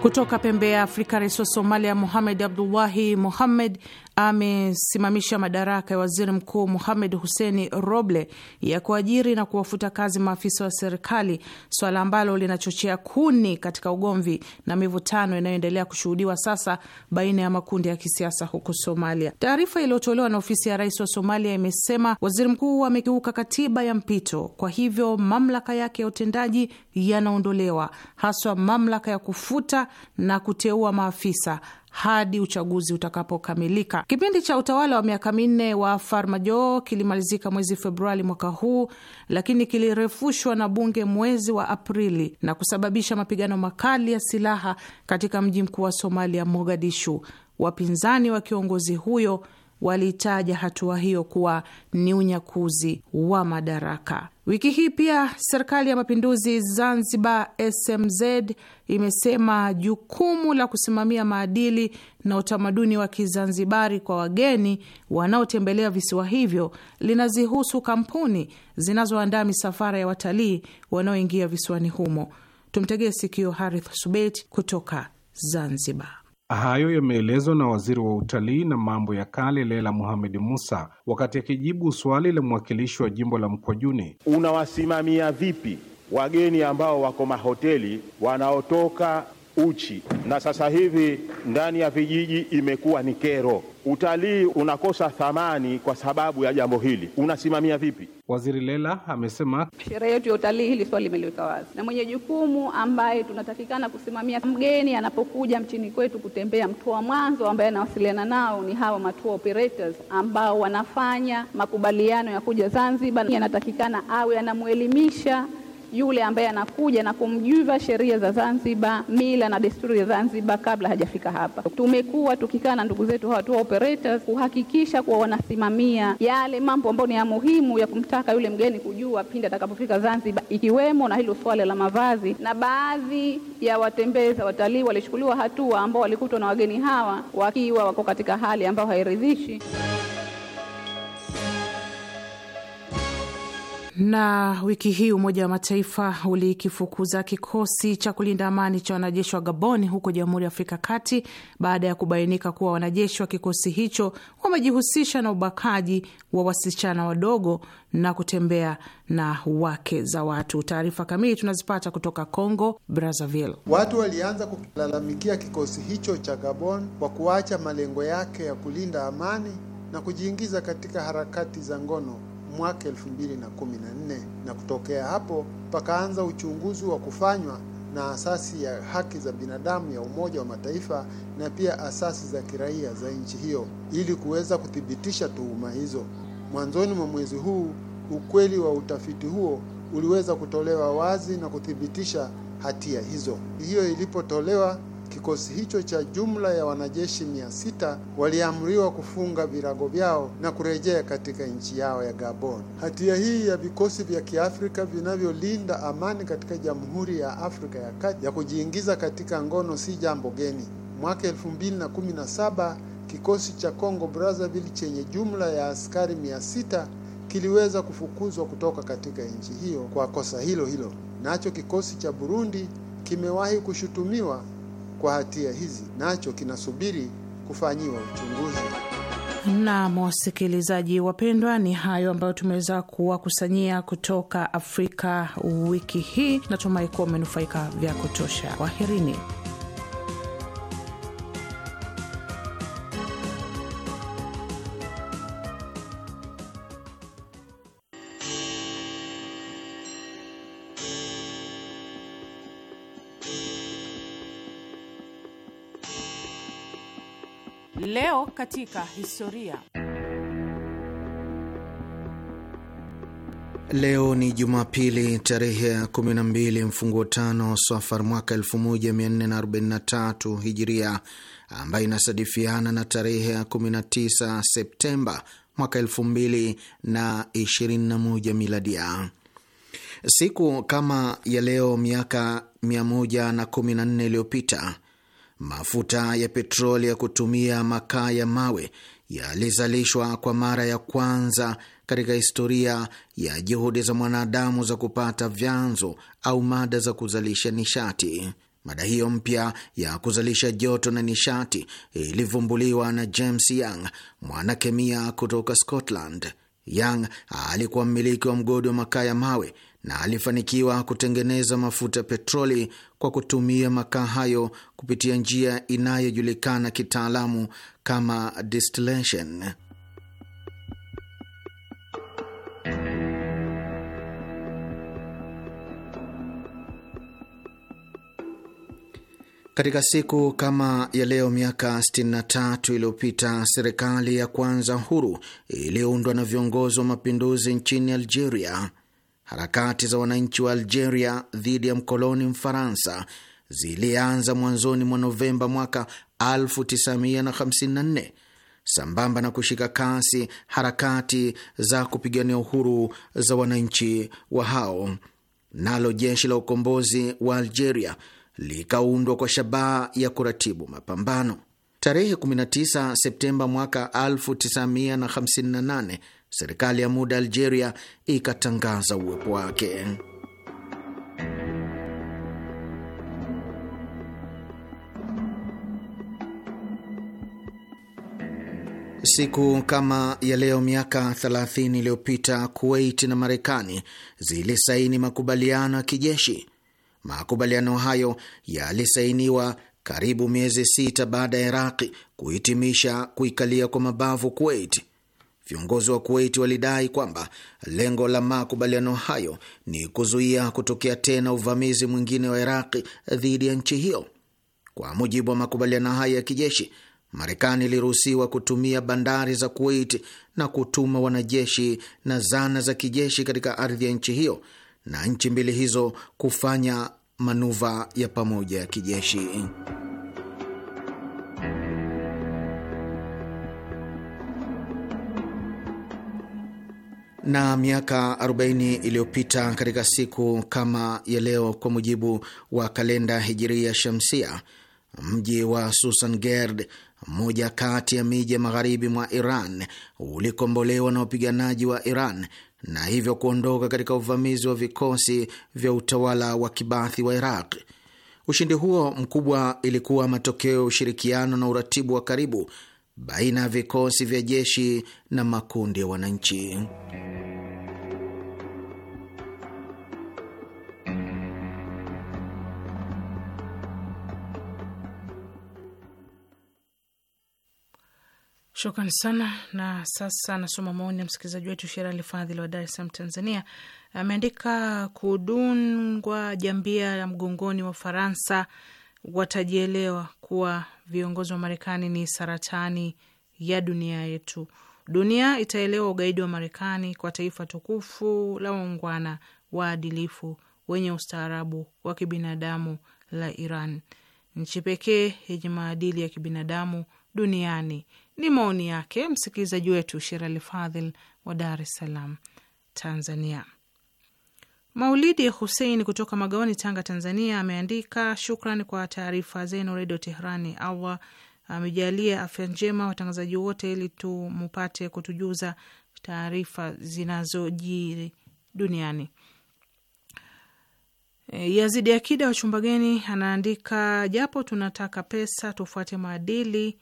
Kutoka pembe ya Afrika, Rais wa Somalia Mohamed Abdullahi Mohamed amesimamisha madaraka ya waziri mkuu Muhamed Huseni Roble ya kuajiri na kuwafuta kazi maafisa wa serikali, swala ambalo linachochea kuni katika ugomvi na mivutano inayoendelea kushuhudiwa sasa baina ya makundi ya kisiasa huko Somalia. Taarifa iliyotolewa na ofisi ya rais wa Somalia imesema waziri mkuu amekiuka katiba ya mpito, kwa hivyo mamlaka yake ya utendaji yanaondolewa, haswa mamlaka ya kufuta na kuteua maafisa hadi uchaguzi utakapokamilika. Kipindi cha utawala wa miaka minne wa Farmajo kilimalizika mwezi Februari mwaka huu, lakini kilirefushwa na bunge mwezi wa Aprili na kusababisha mapigano makali ya silaha katika mji mkuu wa Somalia, Mogadishu. Wapinzani wa kiongozi huyo walitaja hatua hiyo kuwa ni unyakuzi wa madaraka. Wiki hii pia serikali ya mapinduzi Zanzibar, SMZ, imesema jukumu la kusimamia maadili na utamaduni wa Kizanzibari kwa wageni wanaotembelea visiwa hivyo linazihusu kampuni zinazoandaa misafara ya watalii wanaoingia visiwani humo. Tumtegee sikio Harith Subeit kutoka Zanzibar. Hayo yameelezwa na waziri wa utalii na mambo ya kale lela Muhamedi Musa wakati akijibu swali la mwakilishi wa jimbo la Mkwajuni. Unawasimamia vipi wageni ambao wako mahoteli wanaotoka uchi? Na sasa hivi ndani ya vijiji imekuwa ni kero utalii unakosa thamani kwa sababu ya jambo hili. Unasimamia vipi? Waziri Lela amesema sherehe yetu ya utalii, hili swali limeliweka wazi, na mwenye jukumu ambaye tunatakikana kusimamia mgeni anapokuja mchini kwetu kutembea, mtu wa mwanzo ambaye anawasiliana nao ni hawa matua operators ambao wanafanya makubaliano ya kuja Zanzibar, anatakikana awe anamwelimisha yule ambaye anakuja na kumjuva sheria za Zanzibar, mila na desturi za Zanzibar kabla hajafika hapa. Tumekuwa tukikaa na ndugu zetu hawa tour operators kuhakikisha kuwa wanasimamia yale mambo ambayo ni ya muhimu ya kumtaka yule mgeni kujua pindi atakapofika Zanzibar, ikiwemo na hilo swala la mavazi. Na baadhi ya watembeza watalii walichukuliwa hatua ambao walikutwa na wageni hawa wakiwa wako katika hali ambayo hairidhishi. Na wiki hii Umoja wa Mataifa ulikifukuza kikosi cha kulinda amani cha wanajeshi wa Gabon huko Jamhuri ya Afrika Kati baada ya kubainika kuwa wanajeshi wa kikosi hicho wamejihusisha na ubakaji wa wasichana wadogo na kutembea na wake za watu. Taarifa kamili tunazipata kutoka Congo Brazzaville. Watu walianza kukilalamikia kikosi hicho cha Gabon kwa kuacha malengo yake ya kulinda amani na kujiingiza katika harakati za ngono mwaka 2014 na kutokea hapo pakaanza uchunguzi wa kufanywa na asasi ya haki za binadamu ya Umoja wa Mataifa na pia asasi za kiraia za nchi hiyo ili kuweza kuthibitisha tuhuma hizo. Mwanzoni mwa mwezi huu ukweli wa utafiti huo uliweza kutolewa wazi na kuthibitisha hatia hizo. Hiyo ilipotolewa Kikosi hicho cha jumla ya wanajeshi mia sita waliamriwa kufunga virago vyao na kurejea katika nchi yao ya Gabon. Hatia hii ya vikosi vya Kiafrika vinavyolinda amani katika Jamhuri ya Afrika ya Kati ya kujiingiza katika ngono si jambo geni. Mwaka 2017 kikosi cha Congo Brazzaville chenye jumla ya askari mia sita kiliweza kufukuzwa kutoka katika nchi hiyo kwa kosa hilo hilo. Nacho kikosi cha Burundi kimewahi kushutumiwa kwa hatia hizi nacho kinasubiri kufanyiwa uchunguzi. Nam, wasikilizaji wapendwa, ni hayo ambayo tumeweza kuwakusanyia kutoka Afrika wiki hii. Natumai kuwa umenufaika vya kutosha. Kwaherini. Leo katika historia. Leo ni Jumapili tarehe ya 12 mfunguo tano Safar mwaka 1443 Hijiria, ambayo inasadifiana na tarehe ya 19 Septemba mwaka 2021 Miladia. Siku kama ya leo miaka 114 iliyopita mafuta ya petroli ya kutumia makaa ya mawe yalizalishwa kwa mara ya kwanza katika historia ya juhudi za mwanadamu za kupata vyanzo au mada za kuzalisha nishati. Mada hiyo mpya ya kuzalisha joto na nishati ilivumbuliwa na James Young, mwanakemia kutoka Scotland. Young alikuwa mmiliki wa mgodi wa makaa ya mawe na alifanikiwa kutengeneza mafuta petroli kwa kutumia makaa hayo kupitia njia inayojulikana kitaalamu kama distillation. Katika siku kama ya leo miaka 63 iliyopita serikali ya kwanza huru iliyoundwa na viongozi wa mapinduzi nchini Algeria Harakati za wananchi wa Algeria dhidi ya mkoloni Mfaransa zilianza mwanzoni mwa Novemba mwaka 1954 sambamba na kushika kasi harakati za kupigania uhuru za wananchi wa hao, nalo jeshi la ukombozi wa Algeria likaundwa kwa shabaha ya kuratibu mapambano. Tarehe 19 Septemba mwaka 1958 serikali ya muda Algeria ikatangaza uwepo wake. Siku kama ya leo miaka 30 iliyopita Kuwait na Marekani zilisaini makubaliano ya kijeshi. Makubaliano hayo yalisainiwa karibu miezi sita baada ya Iraqi kuhitimisha kuikalia kwa mabavu Kuwait. Viongozi wa Kuwait walidai kwamba lengo la makubaliano hayo ni kuzuia kutokea tena uvamizi mwingine wa Iraqi dhidi ya nchi hiyo. Kwa mujibu wa makubaliano hayo ya kijeshi, Marekani iliruhusiwa kutumia bandari za Kuwait na kutuma wanajeshi na zana za kijeshi katika ardhi ya nchi hiyo na nchi mbili hizo kufanya manuva ya pamoja ya kijeshi. na miaka 40 iliyopita katika siku kama ya leo, kwa mujibu wa kalenda hijiria shamsia, mji wa Susangerd, mmoja kati ya miji ya magharibi mwa Iran, ulikombolewa na wapiganaji wa Iran na hivyo kuondoka katika uvamizi wa vikosi vya utawala wa kibathi wa Iraq. Ushindi huo mkubwa ilikuwa matokeo ya ushirikiano na uratibu wa karibu baina ya vikosi vya jeshi na makundi ya wananchi. Shukran sana. Na sasa nasoma maoni ya msikilizaji wetu Sherali Fadhili wa Dar es Salaam, Tanzania. Ameandika kudungwa jambia la mgongoni wa Faransa watajielewa kuwa viongozi wa Marekani ni saratani ya dunia yetu. Dunia itaelewa ugaidi wa Marekani kwa taifa tukufu la waungwana waadilifu wenye ustaarabu wa kibinadamu la Iran, nchi pekee yenye maadili ya kibinadamu duniani. Ni maoni yake msikilizaji wetu Sherali Fadhil wa Dar es Salaam, Tanzania. Maulidi Husein kutoka Magaoni, Tanga, Tanzania, ameandika shukran kwa taarifa zenu Redio Teherani. Allah amejalia afya njema watangazaji wote, ili tumpate kutujuza taarifa zinazojiri duniani. E, Yazidi Akida wa Chumbageni anaandika, japo tunataka pesa, tufuate maadili.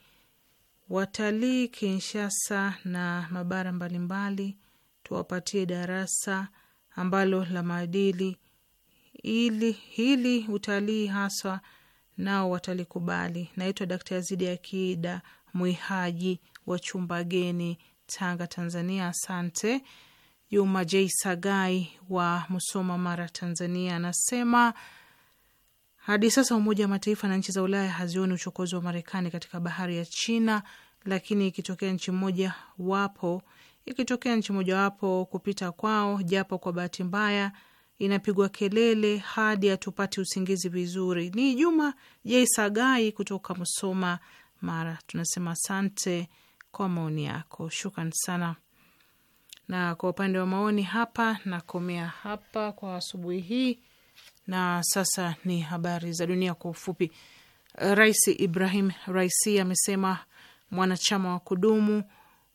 Watalii Kinshasa na mabara mbalimbali tuwapatie darasa ambalo la maadili ili hili utalii haswa nao watalikubali. Naitwa Dakta Yazidi Akida Mwihaji wa chumba geni Tanga, Tanzania. Asante. Juma J Sagai wa Musoma, Mara, Tanzania anasema hadi sasa Umoja wa Mataifa na nchi za Ulaya hazioni uchokozi wa Marekani katika bahari ya China, lakini ikitokea nchi moja wapo ikitokea nchi mojawapo kupita kwao, japo kwa bahati mbaya, inapigwa kelele hadi hatupati usingizi vizuri. Ni Juma J Sagai kutoka Musoma, Mara. Tunasema asante kwa maoni yako, shukran sana. Na kwa upande wa maoni hapa, nakomea hapa kwa asubuhi hii, na sasa ni habari za dunia kwa ufupi. Rais Ibrahim Raisi amesema mwanachama wa kudumu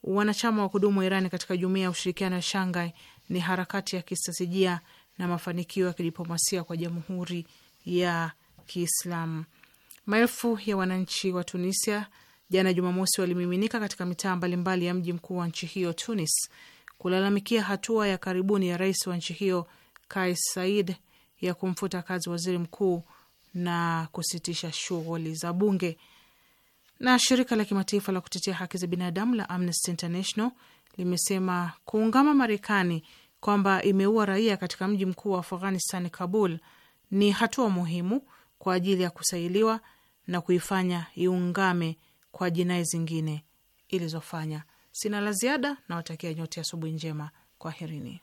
Wanachama wa kudumu wa Irani katika jumuia ya ushirikiano ya Shanghai ni harakati ya kistratejia na mafanikio ya kidiplomasia kwa jamhuri ya Kiislamu. Maelfu ya wananchi wa Tunisia jana Jumamosi walimiminika katika mitaa mbalimbali ya mji mkuu wa nchi hiyo Tunis, kulalamikia hatua ya karibuni ya rais wa nchi hiyo Kais said ya kumfuta kazi waziri mkuu na kusitisha shughuli za bunge. Na shirika la kimataifa la kutetea haki za binadamu la Amnesty International limesema kuungama Marekani kwamba imeua raia katika mji mkuu wa Afghanistan, Kabul, ni hatua muhimu kwa ajili ya kusailiwa na kuifanya iungame kwa jinai zingine ilizofanya. Sina la ziada na watakia nyote asubuhi njema. Kwaherini.